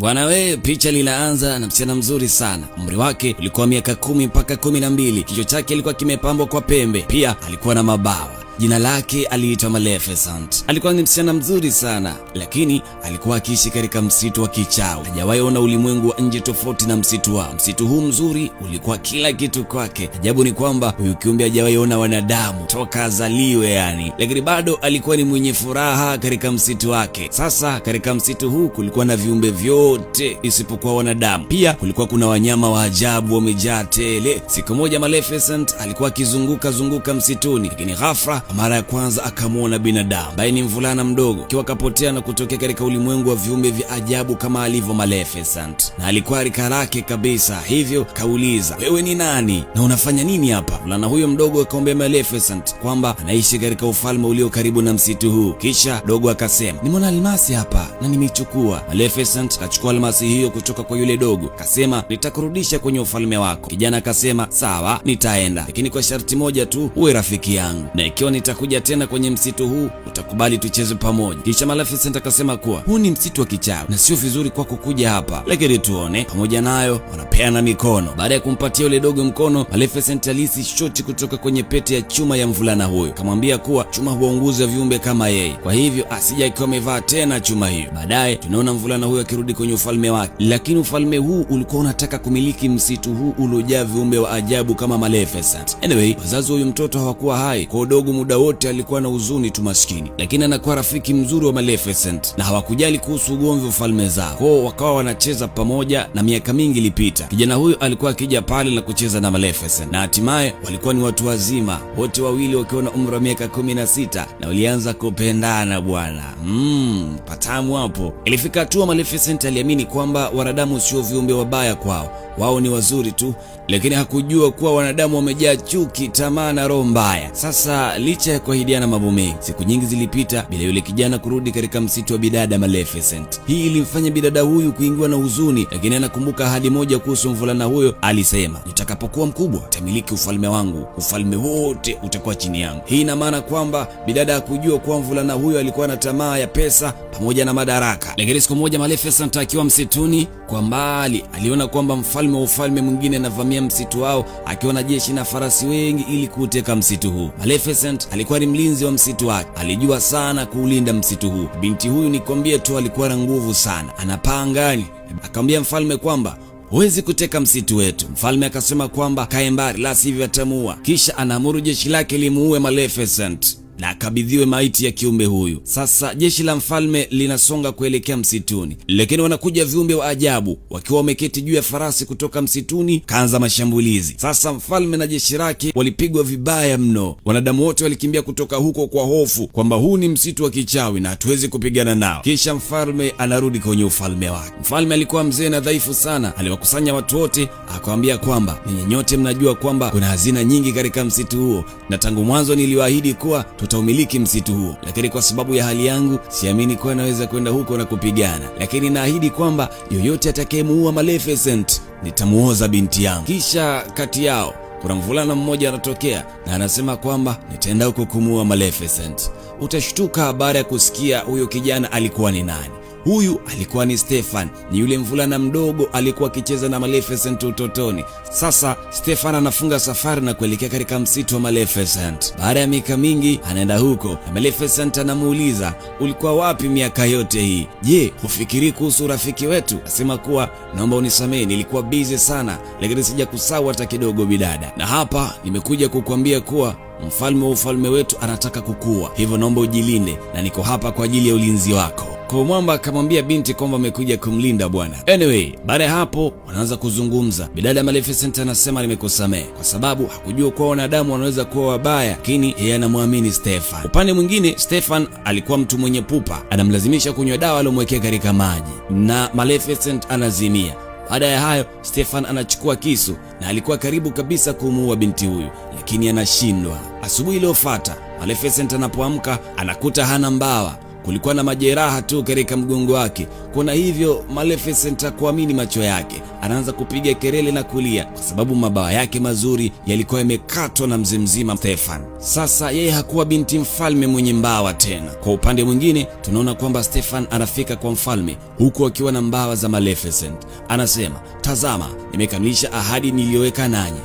Bwana we, picha linaanza na msichana mzuri sana. Umri wake ulikuwa miaka kumi mpaka kumi na mbili. Kichwa chake ilikuwa kimepambwa kwa pembe, pia alikuwa na mabawa. Jina lake aliitwa Maleficent. Alikuwa ni msichana mzuri sana, lakini alikuwa akiishi katika msitu wa kichawi. Hajawahi ona ulimwengu wa nje tofauti na msitu wa msitu huu mzuri ulikuwa kila kitu kwake. Ajabu ni kwamba huyu kiumbe hajawahi ona wanadamu toka azaliwe yani, lakini bado alikuwa ni mwenye furaha katika msitu wake. Sasa katika msitu huu kulikuwa na viumbe vyote isipokuwa wanadamu. Pia kulikuwa kuna wanyama wa ajabu wamejaa tele. Siku moja Maleficent alikuwa akizunguka zunguka msituni, lakini ghafla kwa mara ya kwanza akamwona binadamu ambaye ni mvulana mdogo, akiwa kapotea na kutokea katika ulimwengu wa viumbe vya ajabu kama alivyo Maleficent, na alikuwa rika lake kabisa, hivyo kauliza, wewe ni nani na unafanya nini hapa? Mvulana huyo mdogo akaombea Maleficent kwamba anaishi katika ufalme ulio karibu na msitu huu. Kisha dogo akasema, nimeona almasi hapa na nimechukua Maleficent akachukua almasi hiyo kutoka kwa yule dogo, akasema, nitakurudisha kwenye ufalme wako. Kijana akasema, sawa, nitaenda, lakini kwa sharti moja tu, uwe rafiki yangu, na ikiwa nitakuja tena kwenye msitu huu, utakubali tucheze pamoja. Kisha Maleficent akasema kuwa huu ni msitu wa kichawi na sio vizuri kwako kuja hapa, lakini tuone. Pamoja nayo wanapeana mikono. Baada ya kumpatia yule dogo mkono, Maleficent alisi shoti kutoka kwenye pete ya chuma ya mvulana huyo, kamwambia kuwa chuma huwaunguza viumbe kama yeye, kwa hivyo asija akiwa amevaa tena chuma hiyo. Baadaye tunaona mvulana huyo akirudi kwenye ufalme wake, lakini ufalme huu ulikuwa unataka kumiliki msitu huu uliojaa viumbe wa ajabu kama Maleficent. Anyway, wazazi wa huyu mtoto hawakuwa hai kwa udogo muda wote alikuwa na huzuni tu maskini, lakini anakuwa rafiki mzuri wa Maleficent na hawakujali kuhusu ugomvi wa falme zao, kwao wakawa wanacheza pamoja, na miaka mingi ilipita. Kijana huyo alikuwa akija pale na kucheza na Maleficent, na hatimaye walikuwa ni watu wazima wote wawili wakiwa na umri wa miaka 16 na walianza kupendana bwana. Mm, patamu hapo. Ilifika hatua Maleficent aliamini kwamba wanadamu sio viumbe wabaya kwao, wao ni wazuri tu lakini hakujua kuwa wanadamu wamejaa chuki, tamaa na roho mbaya. Sasa licha ya kuahidiana mambo mengi, siku nyingi zilipita bila yule kijana kurudi katika msitu wa bidada Maleficent. Hii ilimfanya bidada huyu kuingiwa na huzuni, lakini anakumbuka ahadi moja kuhusu mvulana huyo. Alisema, nitakapokuwa mkubwa tamiliki ufalme wangu, ufalme wote utakuwa chini yangu. Hii ina maana kwamba bidada hakujua kuwa mvulana huyo alikuwa na tamaa ya pesa pamoja na madaraka. Lakini siku moja Maleficent akiwa msituni, kwa mbali aliona kwamba mfalme wa ufalme mwingine anavamia kuvamia msitu wao akiwa na jeshi na farasi wengi ili kuuteka msitu huu. Maleficent alikuwa ni mlinzi wa msitu wake, alijua sana kuulinda msitu huu. Binti huyu nikwambie tu alikuwa na nguvu sana, anapaa angani. Akamwambia mfalme kwamba huwezi kuteka msitu wetu. Mfalme akasema kwamba kae mbali, la sivyo atamuua. Kisha anaamuru jeshi lake limuue Maleficent na akabidhiwe maiti ya kiumbe huyu. Sasa jeshi la mfalme linasonga kuelekea msituni, lakini wanakuja viumbe wa ajabu wakiwa wameketi juu ya farasi kutoka msituni, kaanza mashambulizi. Sasa mfalme na jeshi lake walipigwa vibaya mno. Wanadamu wote walikimbia kutoka huko kwa hofu kwamba huu ni msitu wa kichawi na hatuwezi kupigana nao. Kisha mfalme anarudi kwenye ufalme wake. Mfalme alikuwa mzee na dhaifu sana, aliwakusanya watu wote akawaambia kwamba ninyi nyote mnajua kwamba kuna hazina nyingi katika msitu huo, na tangu mwanzo niliwaahidi kuwa utaumiliki msitu huo, lakini kwa sababu ya hali yangu siamini kuwa naweza kwenda huko na kupigana, lakini naahidi kwamba yoyote atakayemuua Maleficent nitamuoza binti yangu. Kisha kati yao kuna mvulana mmoja anatokea na anasema kwamba nitaenda huko kumuua Maleficent. Utashtuka baada ya kusikia huyo kijana alikuwa ni nani. Huyu alikuwa ni Stefan, ni yule mvulana mdogo alikuwa akicheza na Maleficent utotoni. Sasa Stefan anafunga safari na kuelekea katika msitu wa Maleficent. Baada ya miaka mingi anaenda huko na Maleficent anamuuliza, ulikuwa wapi miaka yote hii? Je, hufikiri kuhusu urafiki wetu? Asema kuwa naomba unisamehe, nilikuwa bizi sana, lakini sijakusahau hata kidogo bidada, na hapa nimekuja kukuambia kuwa mfalme wa ufalme wetu anataka kukua, hivyo naomba ujilinde na niko hapa kwa ajili ya ulinzi wako kwa mwamba akamwambia binti kwamba amekuja kumlinda bwana. Anyway, baada ya hapo wanaanza kuzungumza. Bidada Maleficent anasema nimekusamehe kwa sababu hakujua kuwa wanadamu wanaweza kuwa wabaya, lakini yeye anamwamini Stefan. Upande mwingine, Stefan alikuwa mtu mwenye pupa, anamlazimisha kunywa dawa aliyomwekea katika maji na Maleficent anazimia. Baada ya hayo Stefan anachukua kisu na alikuwa karibu kabisa kumuua binti huyu, lakini anashindwa. Asubuhi iliyofuata Maleficent anapoamka anakuta hana mbawa. Kulikuwa na majeraha tu katika mgongo wake, kuna hivyo Maleficent hakuamini macho yake. Anaanza kupiga kelele na kulia kwa sababu mabawa yake mazuri yalikuwa yamekatwa na mzee mzima Stefan. Sasa yeye hakuwa binti mfalme mwenye mbawa tena. Kwa upande mwingine, tunaona kwamba Stefan anafika kwa mfalme huku akiwa na mbawa za Maleficent. Anasema, tazama, nimekamilisha ahadi niliyoweka nanyi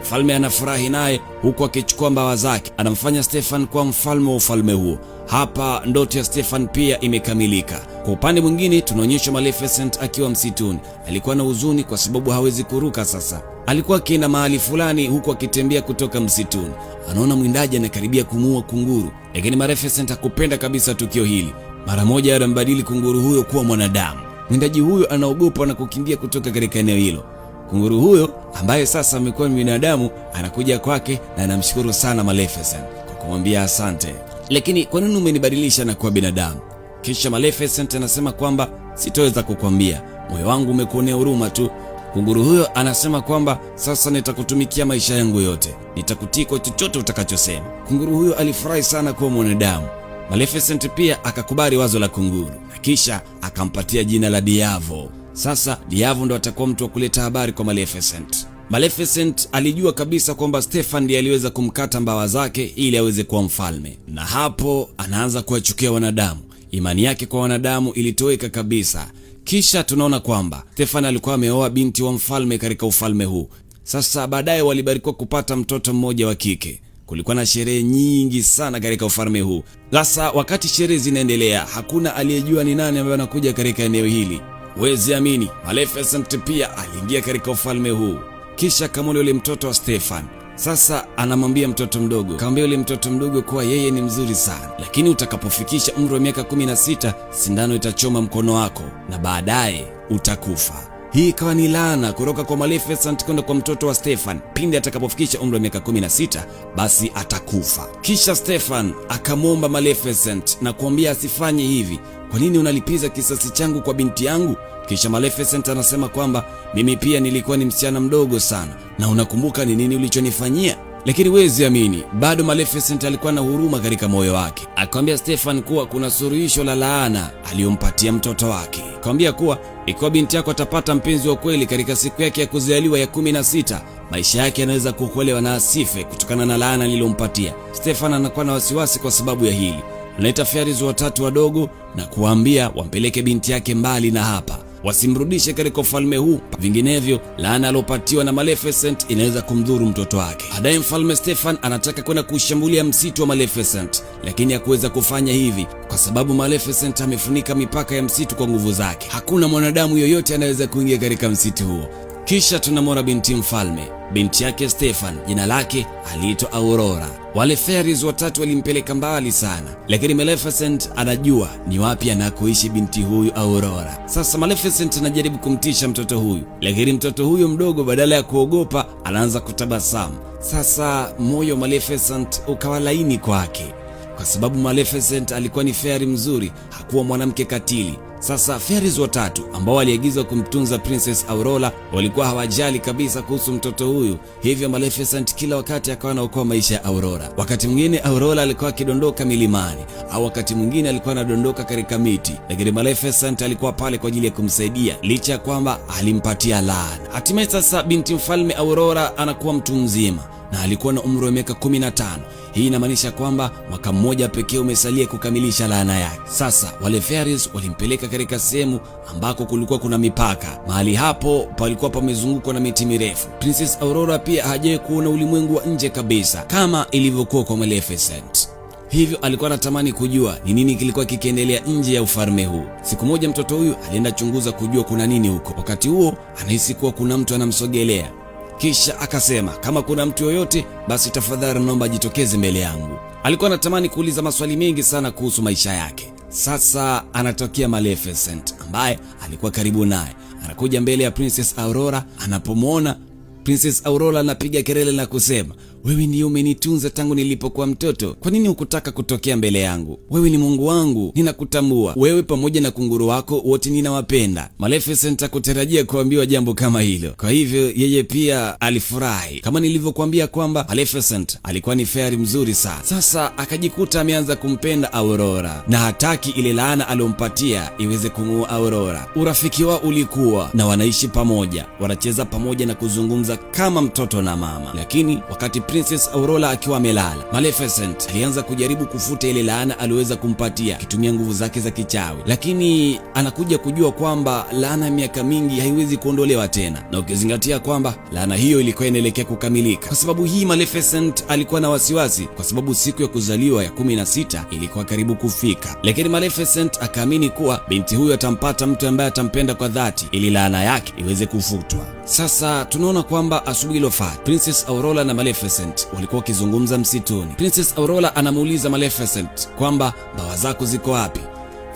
Mfalme anafurahi naye huku akichukua mbawa zake, anamfanya Stefan kuwa mfalme wa ufalme huo. Hapa ndoto ya Stefan pia imekamilika. Kwa upande mwingine, tunaonyeshwa Maleficent akiwa msituni. Alikuwa na huzuni kwa sababu hawezi kuruka sasa. Alikuwa akienda mahali fulani huku akitembea kutoka msituni, anaona mwindaji anakaribia kumuua kunguru, lakini Maleficent hakupenda kabisa tukio hili. Mara moja anambadili kunguru huyo kuwa mwanadamu. Mwindaji huyo anaogopa na kukimbia kutoka katika eneo hilo. Kunguru huyo ambaye sasa amekuwa binadamu anakuja kwake na anamshukuru sana Maleficent kwa kumwambia asante, lakini kwa nini umenibadilisha na kuwa binadamu? Kisha Maleficent anasema kwamba sitoweza kukwambia, moyo wangu umekuonea huruma tu. Kunguru huyo anasema kwamba sasa nitakutumikia maisha yangu yote, nitakutii kwa chochote utakachosema. Kunguru huyo alifurahi sana kuwa mwanadamu. Maleficent pia akakubali wazo la kunguru na kisha akampatia jina la Diavo. Sasa Diavu ndo atakuwa mtu wa kuleta habari kwa Maleficent. Maleficent alijua kabisa kwamba Stefan ndiye aliweza kumkata mbawa zake ili aweze kuwa mfalme, na hapo anaanza kuwachukia wanadamu. Imani yake kwa wanadamu ilitoweka kabisa. Kisha tunaona kwamba Stefan alikuwa ameoa binti wa mfalme katika ufalme huu. Sasa baadaye walibarikiwa kupata mtoto mmoja wa kike. Kulikuwa na sherehe nyingi sana katika ufalme huu. Sasa wakati sherehe zinaendelea, hakuna aliyejua ni nani ambaye anakuja katika eneo hili. Wezi amini Maleficent pia aliingia katika ufalme huu, kisha akamwona yule mtoto wa Stefan. Sasa anamwambia mtoto mdogo, kaambia yule mtoto mdogo kuwa yeye ni mzuri sana, lakini utakapofikisha umri wa miaka 16 sindano itachoma mkono wako na baadaye utakufa. Hii ikawa ni laana kutoka kwa Maleficent kwenda kwa mtoto wa Stefan. Pindi atakapofikisha umri wa miaka 16, basi atakufa. Kisha Stefan akamwomba Maleficent na kuambia asifanye hivi, kwa nini unalipiza kisasi changu kwa binti yangu? Kisha Maleficent anasema kwamba mimi pia nilikuwa ni msichana mdogo sana na unakumbuka ni nini ulichonifanyia? Lakini wezi amini, bado Maleficent alikuwa na huruma katika moyo wake. Akamwambia Stefan kuwa kuna suluhisho la laana aliyompatia mtoto wake, akamwambia kuwa ikiwa binti yako atapata mpenzi wa kweli katika siku yake ya kuzaliwa ya kumi na sita maisha yake yanaweza kuokolewa na asife kutokana na laana alilompatia. Stefan anakuwa na wasiwasi kwa sababu ya hili. Analeta Fyaries watatu wadogo na kuwaambia wampeleke binti yake mbali na hapa, wasimrudishe katika ufalme huu, vinginevyo laana aliyopatiwa na Maleficent inaweza kumdhuru mtoto wake. Baadaye mfalme Stefan anataka kwenda kushambulia msitu wa Maleficent, lakini hakuweza kufanya hivi kwa sababu Maleficent amefunika mipaka ya msitu kwa nguvu zake. Hakuna mwanadamu yoyote anaweza kuingia katika msitu huo. Kisha tunamwona binti mfalme, binti yake Stefan, jina lake aliitwa Aurora. Wale fairies watatu walimpeleka mbali sana, lakini Maleficent anajua ni wapi anakoishi binti huyu Aurora. Sasa Maleficent anajaribu kumtisha mtoto huyu, lakini mtoto huyu mdogo badala ya kuogopa anaanza kutabasamu. Sasa moyo Maleficent ukawa laini kwake, kwa sababu Maleficent alikuwa ni fairy mzuri, hakuwa mwanamke katili. Sasa fairies watatu ambao waliagizwa kumtunza Princess Aurora walikuwa hawajali kabisa kuhusu mtoto huyu, hivyo Maleficent kila wakati akawa anaokoa maisha ya Aurora. Wakati mwingine Aurora alikuwa akidondoka milimani au wakati mwingine alikuwa anadondoka katika miti, lakini Maleficent alikuwa pale kwa ajili ya kumsaidia, licha ya kwamba alimpatia laana. Hatimaye sasa binti mfalme Aurora anakuwa mtu mzima na alikuwa na umri wa miaka 15. Hii inamaanisha kwamba mwaka mmoja pekee umesalia kukamilisha laana yake. Sasa wale fairies walimpeleka katika sehemu ambako kulikuwa kuna mipaka. Mahali hapo palikuwa pamezungukwa na miti mirefu. Princess Aurora pia hajawahi kuona ulimwengu wa nje kabisa kama ilivyokuwa kwa Maleficent. Hivyo alikuwa anatamani kujua ni nini kilikuwa kikiendelea nje ya ufalme huu. Siku moja mtoto huyu alienda chunguza kujua kuna nini huko. Wakati huo anahisi kuwa kuna mtu anamsogelea. Kisha akasema kama kuna mtu yoyote basi tafadhali naomba ajitokeze mbele yangu. Alikuwa anatamani kuuliza maswali mengi sana kuhusu maisha yake. Sasa anatokea Maleficent ambaye alikuwa karibu naye, anakuja mbele ya Princess Aurora. Anapomwona Princess Aurora, anapiga kelele na kusema wewe ndiye umenitunza tangu nilipokuwa mtoto. Kwa nini hukutaka kutokea mbele yangu? Wewe ni Mungu wangu, ninakutambua wewe pamoja na kunguru wako wote ninawapenda. Maleficent akutarajia kuambiwa jambo kama hilo, kwa hivyo yeye pia alifurahi. Kama nilivyokuambia kwamba Maleficent alikuwa ni fairy mzuri sana, sasa akajikuta ameanza kumpenda Aurora na hataki ile laana alompatia iweze kung'oa Aurora. Urafiki wao ulikuwa na wanaishi pamoja, wanacheza pamoja na kuzungumza kama mtoto na mama, lakini wakati Princess Aurora akiwa amelala. Maleficent alianza kujaribu kufuta ile laana aliweza kumpatia akitumia nguvu zake za kichawi, lakini anakuja kujua kwamba laana ya miaka mingi haiwezi kuondolewa tena, na ukizingatia kwamba laana hiyo ilikuwa inaelekea kukamilika. Kwa sababu hii, Maleficent alikuwa na wasiwasi kwa sababu siku ya kuzaliwa ya kumi na sita ilikuwa karibu kufika, lakini Maleficent akaamini kuwa binti huyo atampata mtu ambaye atampenda kwa dhati ili laana yake iweze kufutwa. Sasa tunaona kwamba asubuhi ilofuata Princess Aurora na Maleficent Maleficent walikuwa wakizungumza msituni. Princess Aurora anamuuliza Maleficent kwamba mbawa zako ziko wapi?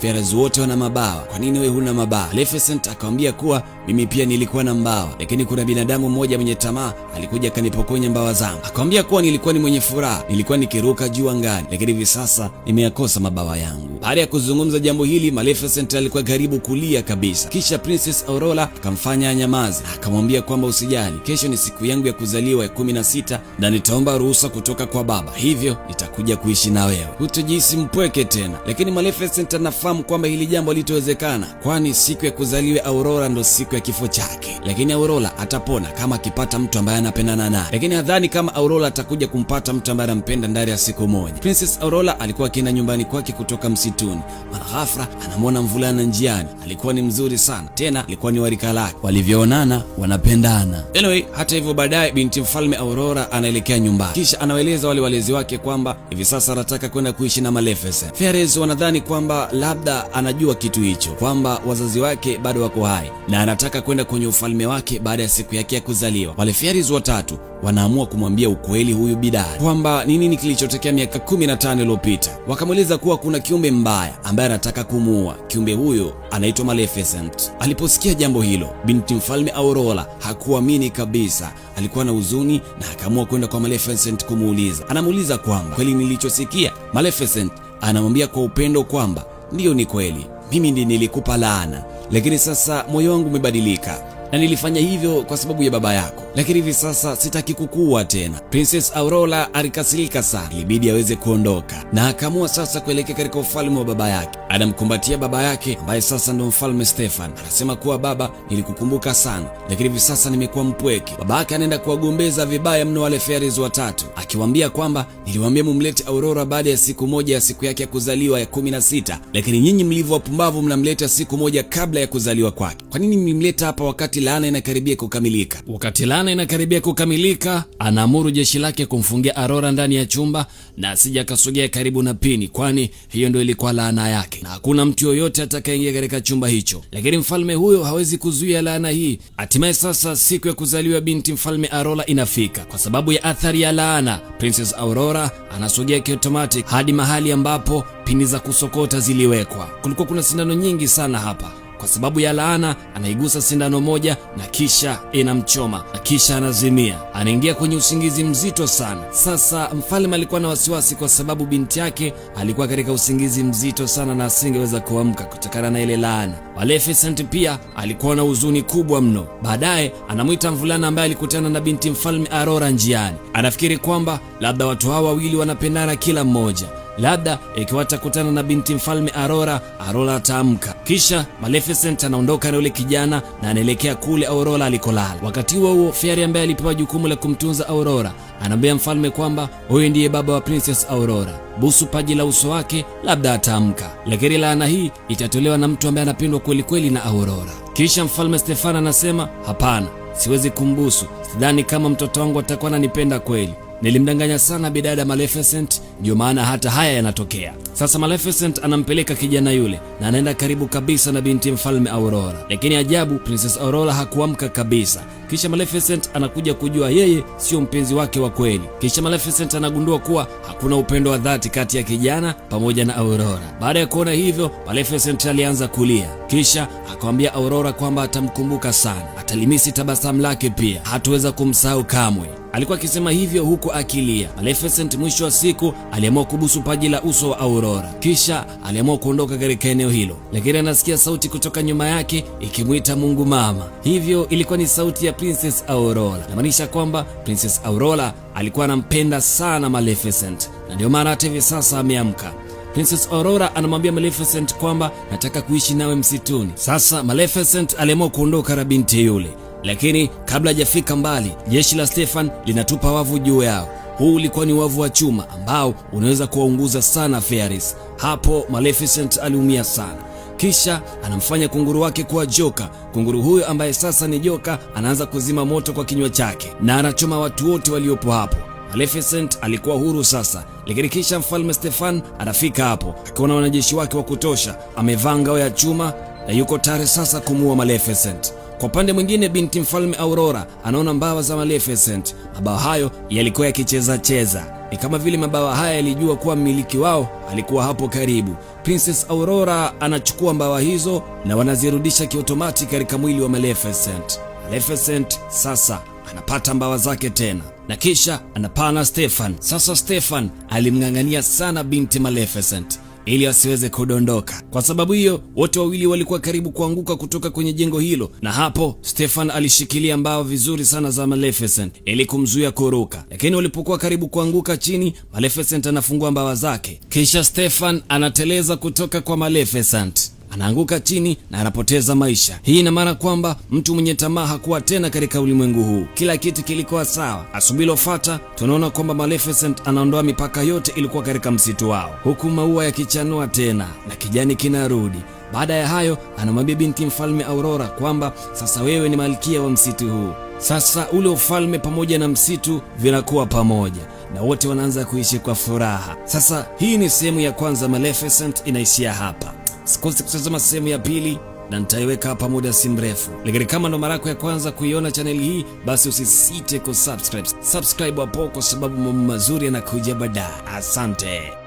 Fyaranzi wote wana mabawa, kwa nini wewe huna mabawa? Maleficent akamwambia kuwa mimi pia nilikuwa na mbawa, lakini kuna binadamu mmoja mwenye tamaa alikuja akanipokonya mbawa zangu. Akamwambia kuwa nilikuwa ni mwenye furaha, nilikuwa nikiruka juu angani, lakini hivi sasa nimeyakosa mabawa yangu. Baada ya kuzungumza jambo hili, Maleficent alikuwa karibu kulia kabisa, kisha Princess Aurora akamfanya anyamaze, akamwambia kwamba usijali, kesho ni siku yangu ya kuzaliwa ya kumi na sita na nitaomba ruhusa kutoka kwa baba, hivyo nitakuja kuishi na wewe, hutojihisi mpweke tena. Lakini Maleficent anafahamu kufahamu kwamba hili jambo litowezekana, kwani siku ya kuzaliwa Aurora ndo siku ya kifo chake, lakini Aurora atapona kama akipata mtu ambaye anapendana naye, lakini nadhani kama Aurora atakuja kumpata mtu ambaye anampenda ndani ya siku moja. Princess Aurora alikuwa akienda nyumbani kwake kutoka msituni, mara ghafla anamwona mvulana njiani. Alikuwa ni mzuri sana, tena alikuwa ni warika lake. Walivyoonana wanapendana. Anyway, hata hivyo baadaye binti mfalme Aurora anaelekea nyumbani, kisha anawaeleza wale walezi wake kwamba hivi sasa anataka kwenda kuishi na Maleficent. Fairies wanadhani kwamba labda labda anajua kitu hicho kwamba wazazi wake bado wako hai na anataka kwenda kwenye ufalme wake baada ya siku yake ya kuzaliwa. Wale fairies watatu wanaamua kumwambia ukweli huyu bidada kwamba ni nini kilichotokea miaka 15 iliyopita. Wakamweleza kuwa kuna kiumbe mbaya ambaye anataka kumuua. Kiumbe huyo anaitwa Maleficent. Aliposikia jambo hilo, binti mfalme Aurora hakuamini kabisa. Alikuwa na huzuni na akaamua kwenda kwa Maleficent kumuuliza. Anamuuliza kwamba kweli nilichosikia? Maleficent anamwambia kwa upendo kwamba ndiyo, ni kweli, mimi ndi nilikupa laana, lakini sasa moyo wangu umebadilika na nilifanya hivyo kwa sababu ya baba yako, lakini hivi sasa sitaki kukuua tena. Princess Aurora alikasirika sana, ilibidi aweze kuondoka na akaamua sasa kuelekea katika ufalme wa baba yake. Anamkumbatia baba yake ambaye sasa ndo mfalme Stefan. Anasema kuwa baba, nilikukumbuka sana, lakini hivi sasa nimekuwa mpweke. Baba yake anaenda kuwagombeza vibaya mno wale fairies watatu, akiwaambia kwamba niliwaambia mumlete Aurora baada ya siku moja ya siku yake ya kuzaliwa ya kumi na sita, lakini nyinyi mlivyo wapumbavu mnamleta siku moja kabla ya kuzaliwa kwake. Kwa nini mlimleta hapa wakati laana inakaribia kukamilika. Wakati laana inakaribia kukamilika, anaamuru jeshi lake kumfungia Aurora ndani ya chumba na asija akasogea karibu na Pini, kwani hiyo ndio ilikuwa laana yake na hakuna mtu yoyote atakayeingia katika chumba hicho. Lakini mfalme huyo hawezi kuzuia laana hii. Hatimaye sasa siku ya kuzaliwa binti mfalme Aurora inafika. Kwa sababu ya athari ya laana, Princess Aurora anasogea kiotomatic hadi mahali ambapo pini za kusokota ziliwekwa. Kulikuwa kuna sindano nyingi sana hapa kwa sababu ya laana, anaigusa sindano moja na kisha inamchoma na kisha anazimia. Anaingia kwenye usingizi mzito sana. Sasa mfalme alikuwa na wasiwasi, kwa sababu binti yake alikuwa katika usingizi mzito sana na asingeweza kuamka kutokana na ile laana. Maleficent pia alikuwa na huzuni kubwa mno. Baadaye anamwita mvulana ambaye alikutana na binti mfalme Aurora njiani. Anafikiri kwamba labda watu hawa wawili wanapendana kila mmoja Labda ikiwa atakutana na binti mfalme Aurora, Aurora ataamka. Kisha Maleficent anaondoka na yule kijana na anaelekea kule Aurora alikolala. Wakati huo huo, Fairy ambaye alipewa jukumu la kumtunza Aurora anamwambia mfalme kwamba huyu ndiye baba wa Princess Aurora. Busu paji la uso wake, labda ataamka. Lakini laana hii itatolewa na mtu ambaye anapendwa kweli kweli na Aurora. Kisha mfalme Stefana anasema hapana, siwezi kumbusu, sidhani kama mtoto wangu atakuwa ananipenda kweli. Nilimdanganya sana bidada Maleficent, ndio maana hata haya yanatokea. Sasa Maleficent anampeleka kijana yule na anaenda karibu kabisa na binti mfalme Aurora, lakini ajabu, Princess Aurora hakuamka kabisa. Kisha Maleficent anakuja kujua yeye sio mpenzi wake wa kweli. Kisha Maleficent anagundua kuwa hakuna upendo wa dhati kati ya kijana pamoja na Aurora. Baada ya kuona hivyo, Maleficent alianza kulia, kisha akamwambia Aurora kwamba atamkumbuka sana, atalimisi tabasamu lake, pia hatuweza kumsahau kamwe. Alikuwa akisema hivyo huku akilia. Maleficent mwisho wa siku aliamua kubusu paji la uso wa Aurora, kisha aliamua kuondoka katika eneo hilo, lakini anasikia sauti kutoka nyuma yake ikimwita Mungu Mama. Hivyo ilikuwa ni sauti ya Princess Aurora, namaanisha kwamba Princess Aurora alikuwa anampenda sana Maleficent na ndio maana hata hivi sasa ameamka. Princess Aurora anamwambia Maleficent kwamba nataka kuishi nawe msituni. Sasa Maleficent aliamua kuondoka na binti yule lakini kabla hajafika mbali, jeshi la Stefan linatupa wavu juu yao. Huu ulikuwa ni wavu wa chuma ambao unaweza kuwaunguza sana Fearis. Hapo Maleficent aliumia sana, kisha anamfanya kunguru wake kuwa joka. Kunguru huyo ambaye sasa ni joka anaanza kuzima moto kwa kinywa chake na anachoma watu wote waliopo hapo. Maleficent alikuwa huru sasa, lakini kisha mfalme Stefan anafika hapo akiwa na wanajeshi wake wa kutosha, amevaa ngao ya chuma na yuko tayari sasa kumuua Maleficent. Kwa upande mwingine, binti mfalme Aurora anaona mbawa za Maleficent. Mabawa hayo yalikuwa yakicheza cheza ni kama vile mabawa haya yalijua kuwa mmiliki wao alikuwa hapo karibu. Princess Aurora anachukua mbawa hizo na wanazirudisha kiotomati katika mwili wa Maleficent. Maleficent sasa anapata mbawa zake tena na kisha anapana Stefan. Sasa Stefan alimng'ang'ania sana binti Maleficent ili asiweze kudondoka. Kwa sababu hiyo, wote wawili walikuwa karibu kuanguka kutoka kwenye jengo hilo, na hapo Stefan alishikilia mbao vizuri sana za Maleficent ili kumzuia kuruka, lakini walipokuwa karibu kuanguka chini, Maleficent anafungua mbawa zake, kisha Stefan anateleza kutoka kwa Maleficent anaanguka chini na anapoteza maisha. Hii ina maana kwamba mtu mwenye tamaa hakuwa tena katika ulimwengu huu, kila kitu kilikuwa sawa. Asubuhi ilofata tunaona kwamba Maleficent anaondoa mipaka yote ilikuwa katika msitu wao, huku maua yakichanua tena na kijani kinarudi. Baada ya hayo anamwambia binti mfalme Aurora kwamba sasa wewe ni malkia wa msitu huu. Sasa ule ufalme pamoja na msitu vinakuwa pamoja na wote wanaanza kuishi kwa furaha. Sasa hii ni sehemu ya kwanza, Maleficent inaishia hapa sikosi kutazama sehemu ya pili na nitaiweka hapa muda si mrefu, lakini kama ndo mara yako ya kwanza kuiona chaneli hii, basi usisite kusubscribe. Subscribe hapo, kwa sababu mambo mazuri yanakuja baadaye. Asante.